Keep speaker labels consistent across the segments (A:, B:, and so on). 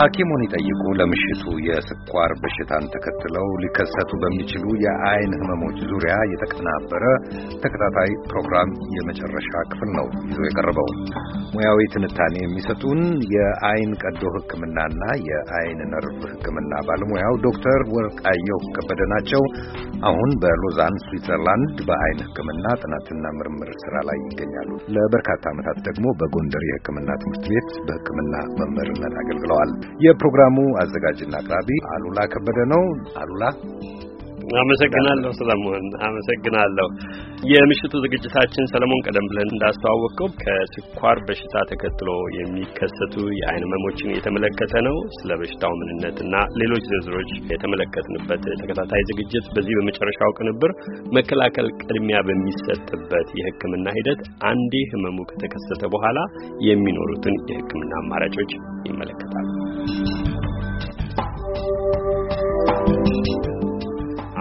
A: ሐኪሙን ይጠይቁ ለምሽቱ የስኳር በሽታን ተከትለው ሊከሰቱ በሚችሉ የአይን ህመሞች ዙሪያ የተቀናበረ ተከታታይ ፕሮግራም የመጨረሻ ክፍል ነው ይዞ የቀረበው። ሙያዊ ትንታኔ የሚሰጡን የአይን ቀዶ ህክምናና የአይን ነርቭ ህክምና ባለሙያው ዶክተር ወርቃየሁ ከበደ ናቸው። አሁን በሎዛን ስዊትዘርላንድ በአይን ህክምና ጥናትና ምርምር ስራ ላይ ይገኛሉ። ለበርካታ ዓመታት ደግሞ በጎንደር የህክምና ትምህርት ቤት በህክምና መምህርነት አገልግለዋል። የፕሮግራሙ አዘጋጅና አቅራቢ አሉላ ከበደ ነው። አሉላ
B: አመሰግናለሁ ሰለሞን፣ አመሰግናለሁ። የምሽቱ ዝግጅታችን ሰለሞን፣ ቀደም ብለን እንዳስተዋወቀው ከስኳር በሽታ ተከትሎ የሚከሰቱ የአይን ህመሞችን የተመለከተ ነው። ስለ በሽታው ምንነትና ሌሎች ዝርዝሮች የተመለከትንበት ተከታታይ ዝግጅት በዚህ በመጨረሻው ቅንብር መከላከል ቅድሚያ በሚሰጥበት የህክምና ሂደት አንዴ ህመሙ ከተከሰተ በኋላ የሚኖሩትን የህክምና አማራጮች ይመለከታል።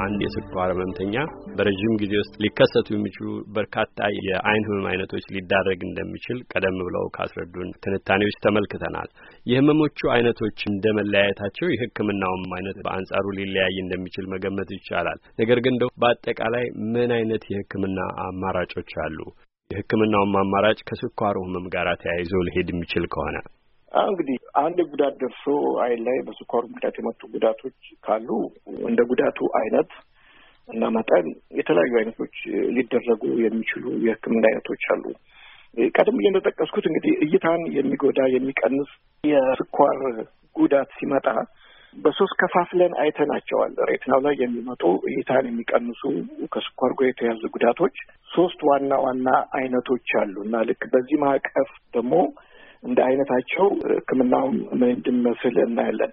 B: አንድ የስኳር ህመምተኛ በረዥም ጊዜ ውስጥ ሊከሰቱ የሚችሉ በርካታ የአይን ህመም አይነቶች ሊዳረግ እንደሚችል ቀደም ብለው ካስረዱን ትንታኔዎች ተመልክተናል። የህመሞቹ አይነቶች እንደ መለያየታቸው የህክምናውም አይነት በአንጻሩ ሊለያይ እንደሚችል መገመት ይቻላል። ነገር ግን እንደው በአጠቃላይ ምን አይነት የህክምና አማራጮች አሉ? የህክምናውም አማራጭ ከስኳሩ ህመም ጋር ተያይዞ ሊሄድ የሚችል ከሆነ
A: እንግዲህ አንድ ጉዳት ደርሶ አይን ላይ በስኳር ምክንያት የመጡ ጉዳቶች ካሉ እንደ ጉዳቱ አይነት እና መጠን የተለያዩ አይነቶች ሊደረጉ የሚችሉ የሕክምና አይነቶች አሉ። ቀደም ብዬ እንደጠቀስኩት እንግዲህ እይታን የሚጎዳ የሚቀንስ የስኳር ጉዳት ሲመጣ በሶስት ከፋፍለን አይተናቸዋል። ሬትናው ላይ የሚመጡ እይታን የሚቀንሱ ከስኳር ጋር የተያዙ ጉዳቶች ሶስት ዋና ዋና አይነቶች አሉ እና ልክ በዚህ ማዕቀፍ ደግሞ እንደ አይነታቸው ህክምናው ምን እንድመስል እናያለን።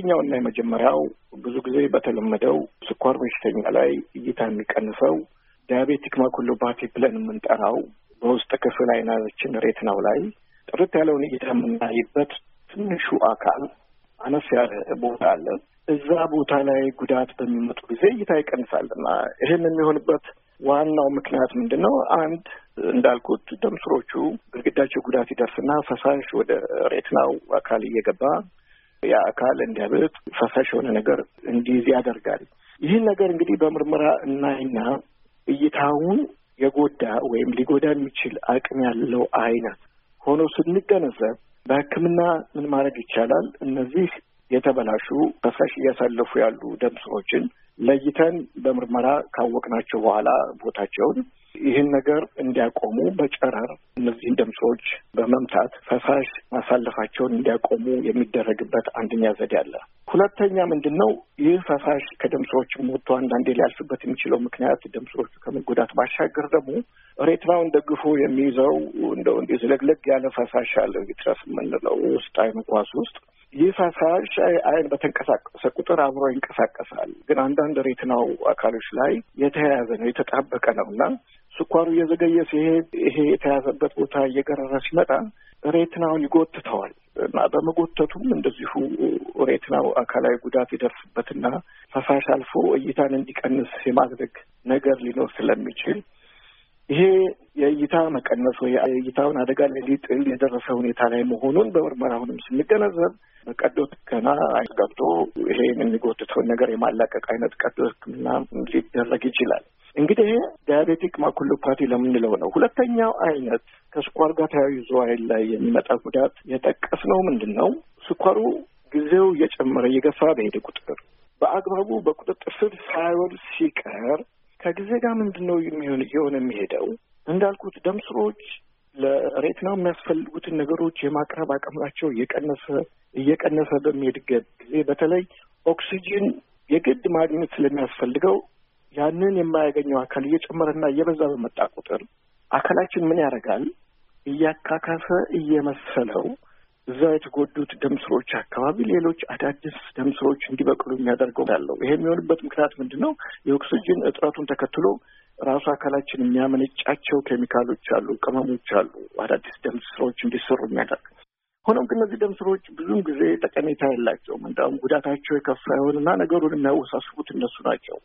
A: እና የመጀመሪያው ብዙ ጊዜ በተለመደው ስኳር በሽተኛ ላይ እይታ የሚቀንሰው ዲያቤቲክ ማኩሎፓቲ ብለን የምንጠራው በውስጥ ክፍል አይናችን ሬቲናው ላይ ጥርት ያለውን እይታ የምናይበት ትንሹ አካል አነስ ያለ ቦታ አለ። እዛ ቦታ ላይ ጉዳት በሚመጡ ጊዜ እይታ ይቀንሳል እና ይህን የሚሆንበት ዋናው ምክንያት ምንድን ነው? አንድ እንዳልኩት ደም ስሮቹ ጉዳት ይደርስና ፈሳሽ ወደ ሬትናው አካል እየገባ ያ አካል እንዲያብጥ ፈሳሽ የሆነ ነገር እንዲይዝ ያደርጋል። ይህን ነገር እንግዲህ በምርመራ እናይና እይታውን የጎዳ ወይም ሊጎዳ የሚችል አቅም ያለው አይነት ሆኖ ስንገነዘብ በሕክምና ምን ማድረግ ይቻላል? እነዚህ የተበላሹ በፍረሽ እያሳለፉ ያሉ ደም ስሮችን ለይተን በምርመራ ካወቅናቸው በኋላ ቦታቸውን ይህን ነገር እንዲያቆሙ በጨረር እነዚህን ደም ስሮች በመምታት ፈሳሽ ማሳለፋቸውን እንዲያቆሙ የሚደረግበት አንደኛ ዘዴ አለ። ሁለተኛ ምንድን ነው? ይህ ፈሳሽ ከደም ስሮች ሞቶ አንዳንዴ ሊያልፍበት የሚችለው ምክንያት ደም ስሮቹ ከመጎዳት ባሻገር ደግሞ ሬትናውን ደግፎ የሚይዘው እንደው እንዲህ ዝለግለግ ያለ ፈሳሽ አለ፣ ቪትረስ የምንለው ውስጣዊ አይመጓዝ ውስጥ ይህ ፈሳሽ አይን በተንቀሳቀሰ ቁጥር አብሮ ይንቀሳቀሳል። ግን አንዳንድ ሬትናው አካሎች ላይ የተያያዘ ነው የተጣበቀ ነው እና ስኳሩ እየዘገየ ሲሄድ ይሄ የተያዘበት ቦታ እየገረረ ሲመጣ ሬትናውን ይጎትተዋል እና በመጎተቱም እንደዚሁ ሬትናው አካላዊ ጉዳት ይደርስበትና ፈሳሽ አልፎ እይታን እንዲቀንስ የማድረግ ነገር ሊኖር ስለሚችል ይሄ የእይታ መቀነስ ወይ እይታውን አደጋ ላይ ሊጥል የደረሰ ሁኔታ ላይ መሆኑን በምርመራውንም ስንገነዘብ በቀዶ ሕክምና ገብቶ ይሄ የሚጎትተውን ነገር የማላቀቅ አይነት ቀዶ ሕክምና ሊደረግ ይችላል። እንግዲህ ይሄ ዲያቤቲክ ማኩሎፓቲ ለምንለው ነው። ሁለተኛው አይነት ከስኳር ጋር ተያይዞ አይን ላይ የሚመጣ ጉዳት የጠቀስነው ምንድን ነው? ስኳሩ ጊዜው እየጨመረ እየገፋ በሄደ ቁጥር በአግባቡ በቁጥጥር ስር ሳይውል ሲቀር ከጊዜ ጋር ምንድን ነው የሚሆን እየሆነ የሚሄደው እንዳልኩት ደም ስሮች ለሬትና የሚያስፈልጉትን ነገሮች የማቅረብ አቅምናቸው እየቀነሰ እየቀነሰ በሚሄድበት ጊዜ በተለይ ኦክሲጂን የግድ ማግኘት ስለሚያስፈልገው ያንን የማያገኘው አካል እየጨመረና እየበዛ በመጣ ቁጥር አካላችን ምን ያደርጋል? እያካካሰ እየመሰለው እዛ የተጎዱት ደምስሮች አካባቢ ሌሎች አዳዲስ ደምስሮች እንዲበቅሉ የሚያደርገው ያለው ይሄ የሚሆንበት ምክንያት ምንድን ነው? የኦክሲጅን እጥረቱን ተከትሎ ራሱ አካላችን የሚያመነጫቸው ኬሚካሎች አሉ፣ ቅመሞች አሉ፣ አዳዲስ ደምስሮች እንዲሰሩ የሚያደርግ። ሆኖም ግን እነዚህ ደምስሮች ብዙም ጊዜ ጠቀሜታ የላቸውም። እንዲሁም ጉዳታቸው የከፋ ይሆንና ነገሩን የሚያወሳስቡት እነሱ ናቸው።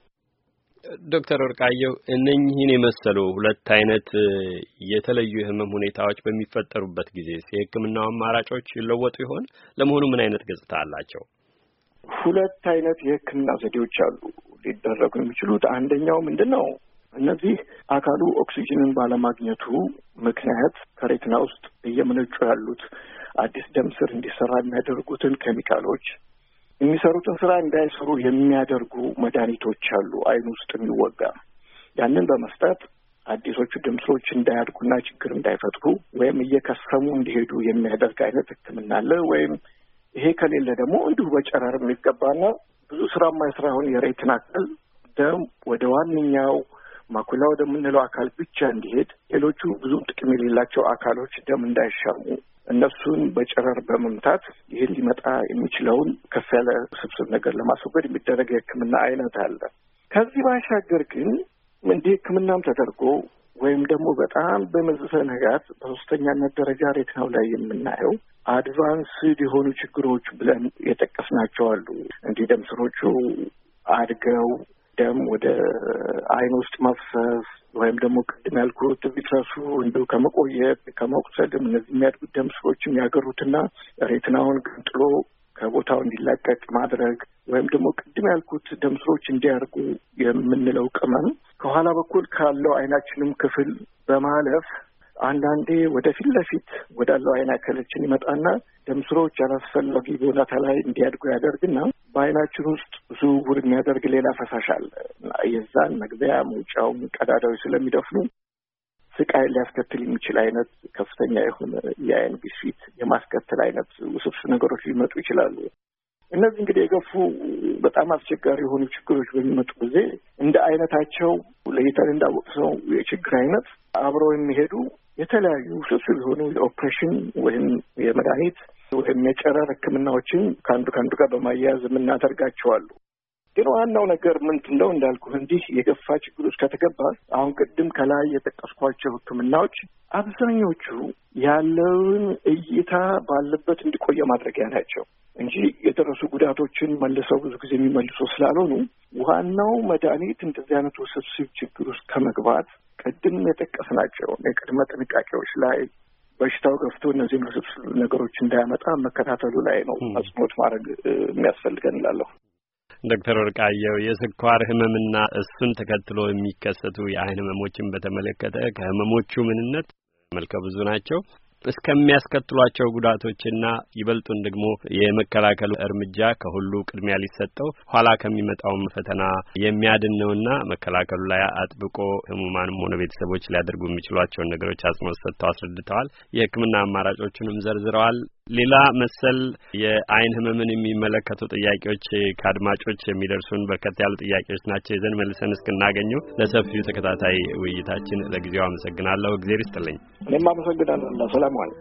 B: ዶክተር ወርቃየው እነኚህን የመሰሉ ሁለት አይነት የተለዩ የህመም ሁኔታዎች በሚፈጠሩበት ጊዜ የህክምናው አማራጮች ይለወጡ ይሆን? ለመሆኑ ምን አይነት ገጽታ አላቸው?
A: ሁለት አይነት የህክምና ዘዴዎች አሉ ሊደረጉ የሚችሉት። አንደኛው ምንድን ነው? እነዚህ አካሉ ኦክሲጅንን ባለማግኘቱ ምክንያት ከሬትና ውስጥ እየመነጩ ያሉት አዲስ ደም ስር እንዲሰራ የሚያደርጉትን ኬሚካሎች የሚሰሩትን ስራ እንዳይሰሩ የሚያደርጉ መድኃኒቶች አሉ። አይን ውስጥ የሚወጋ ያንን በመስጠት አዲሶቹ ድምፆች እንዳያድጉና ችግር እንዳይፈጥሩ ወይም እየከሰሙ እንዲሄዱ የሚያደርግ አይነት ሕክምና አለ። ወይም ይሄ ከሌለ ደግሞ እንዲሁ በጨረር የሚገባና ብዙ ስራ የማይሰራ አሁን የሬትን አካል ደም ወደ ዋነኛው ማኩላ ወደምንለው አካል ብቻ እንዲሄድ ሌሎቹ ብዙም ጥቅም የሌላቸው አካሎች ደም እንዳይሻሙ እነሱን በጨረር በመምታት ይህን ሊመጣ የሚችለውን ከፍ ያለ ስብስብ ነገር ለማስወገድ የሚደረግ የሕክምና አይነት አለ። ከዚህ ባሻገር ግን እንዲህ ሕክምናም ተደርጎ ወይም ደግሞ በጣም በመዘነጋት በሶስተኛነት ደረጃ ሬትናው ላይ የምናየው አድቫንስድ የሆኑ ችግሮች ብለን የጠቀስናቸው አሉ። እንዲህ ደም ስሮቹ አድገው ደም ወደ አይን ውስጥ መፍሰስ ወይም ደግሞ ቅድም ያልኩት ቪትረሱ እንዲሁ ከመቆየት ከመቁሰልም እነዚህ የሚያድጉት ደም ስሮችም ያገሩትና ሬትናውን ገንጥሎ ከቦታው እንዲላቀቅ ማድረግ ወይም ደግሞ ቅድም ያልኩት ደም ስሮች እንዲያርጉ የምንለው ቅመም ከኋላ በኩል ካለው አይናችንም ክፍል በማለፍ አንዳንዴ ወደ ፊት ለፊት ወዳለው አይን አካላችን ይመጣና ደም ስሮች አላስፈላጊ ቦታ ላይ እንዲያድጉ ያደርግና በአይናችን ውስጥ ዝውውር የሚያደርግ ሌላ ፈሳሽ አለ። የዛን መግቢያ መውጫውን ቀዳዳዊ ስለሚደፍኑ ስቃይ ሊያስከትል የሚችል አይነት ከፍተኛ የሆነ የአይን ግፊት የማስከተል አይነት ውስብስብ ነገሮች ሊመጡ ይችላሉ። እነዚህ እንግዲህ የገፉ በጣም አስቸጋሪ የሆኑ ችግሮች በሚመጡ ጊዜ እንደ አይነታቸው ለይተን እንዳወቅነው የችግር አይነት አብረው የሚሄዱ የተለያዩ ውስብስብ የሆኑ የኦፕሬሽን ወይም የመድኃኒት ወይም የጨረር ሕክምናዎችን ከአንዱ ከአንዱ ጋር በማያያዝ የምናደርጋቸዋሉ። ግን ዋናው ነገር ምንድን ነው እንዳልኩ እንዲህ የገፋ ችግር ውስጥ ከተገባ አሁን ቅድም ከላይ የጠቀስኳቸው ሕክምናዎች አብዛኞቹ ያለውን እይታ ባለበት እንዲቆየ ማድረጊያ ናቸው እንጂ የደረሱ ጉዳቶችን መልሰው ብዙ ጊዜ የሚመልሱ ስላልሆኑ ዋናው መድኃኒት እንደዚህ አይነት ውስብስብ ችግር ውስጥ ከመግባት ቅድም የጠቀስናቸው የቅድመ ጥንቃቄዎች ላይ በሽታው ገፍቶ እነዚህን ውስብስብ ነገሮች እንዳያመጣ መከታተሉ ላይ ነው አጽንኦት ማድረግ የሚያስፈልገን እላለሁ።
B: ዶክተር ወርቃየው የስኳር ህመምና እሱን ተከትሎ የሚከሰቱ የአይን ህመሞችን በተመለከተ ከህመሞቹ ምንነት መልከ ብዙ ናቸው እስከሚያስከትሏቸው ጉዳቶችና ይበልጡን ደግሞ የመከላከሉ እርምጃ ከሁሉ ቅድሚያ ሊሰጠው ኋላ ከሚመጣውም ፈተና የሚያድን ነውና መከላከሉ ላይ አጥብቆ ህሙማንም ሆነ ቤተሰቦች ሊያደርጉ የሚችሏቸውን ነገሮች አጽንኦት ሰጥተው አስረድተዋል። የህክምና አማራጮቹንም ዘርዝረዋል። ሌላ መሰል የአይን ህመምን የሚመለከቱ ጥያቄዎች ከአድማጮች የሚደርሱን በርከት ያሉ ጥያቄዎች ናቸው። ይዘን መልሰን እስክናገኘው ለሰፊው ተከታታይ ውይይታችን ለጊዜው አመሰግናለሁ። እግዜር ይስጥልኝ።
A: እኔም አመሰግናለሁ። ሰላም ዋል